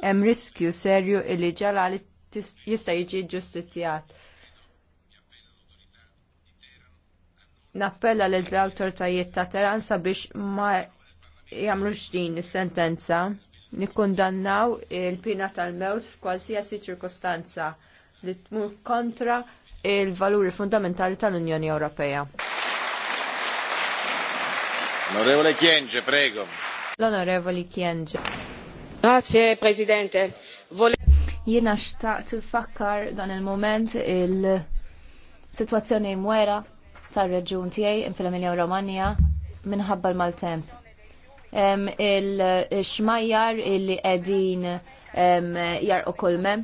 hemm riskju serju illi ġala li jista' jiġi ġustizzjat. Nappella lill awtoritajiet ta' Teran sabiex ma jagħmlux din is-sentenza nikkundannaw il-pina tal-mewt f'kwalsiasi ċirkostanza li tmur kontra il-valuri fundamentali tal-Unjoni Ewropea. L-Onorevoli prego. L-Onorevoli Kienge. Grazie, Presidente. Jina xtaqt nfakkar dan il-moment il-situazzjoni mwera tar-reġjun tiegħi infil-Emilia Romagna minħabba l-maltemp. Il-xmajjar illi qegħdin jarqu kolmem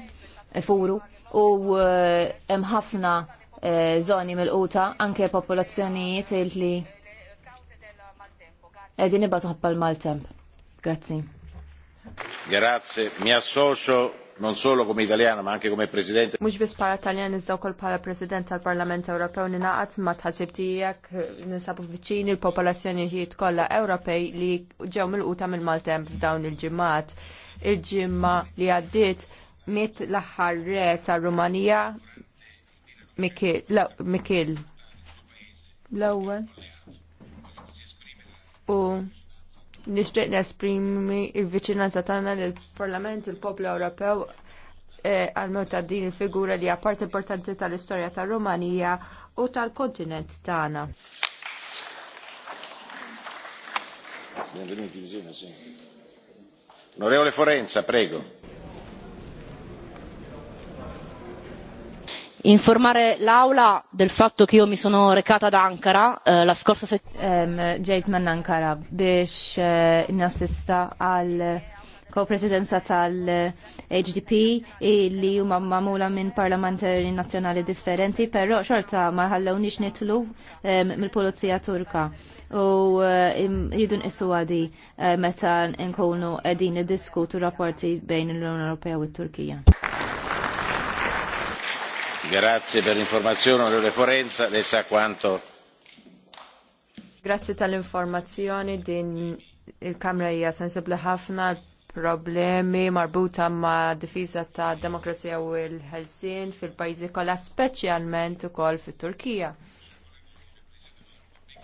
furu u hemm ħafna eh, zoni mill-quta anke popolazzjonijiet li qegħdin ibatu ħabba l-maltemp. Grazie. Grazie, mi associo non solo come italiana ma anche come presidente. Mhux biss bħala Taljan iżda wkoll bħala President tal-Parlament Ewropew ninaqat ma tħassib tiegħek ninsabu viċini l-popolazzjonijiet kollha Ewropej li ġew milquta mill-maltemp f'dawn il-ġimgħat. Il-ġimgħa li għaddiet mit l-aħħar re tar-Rumanija Mikil l-ewwel. nixtieq nesprimi il vicinanza tagħna lill-Parlament il-Poplu Ewropew eh, għal ta' din il-figura li għapart importanti tal-istorja tal-Romanija u tal-kontinent tagħna. Onorevole Forenza, prego. informare l'Aula del fatto che io mi sono recata ad Ankara eh, la scorsa settimana. Um, ġejt man Ankara biex uh, nassista għal ko-presidenza tal-HDP li huma mamula minn parlamentari nazzjonali differenti, però xorta ma ħallewniex nitlu mill-Pulizija Turka. U eh, jidun issu għadi eh, meta nkunu qegħdin niddiskutu rapporti bejn l-Unjoni Ewropea u t-Turkija. Grazie per l'informazione, onorevole Forenza, lei sa quanto. Grazie tal-informazzjoni din il-Kamra hija sensibbli ħafna problemi marbuta ma' difiża ta' demokrazija u l-ħelsien fil-pajjiżi kollha speċjalment ukoll fit-Turkija.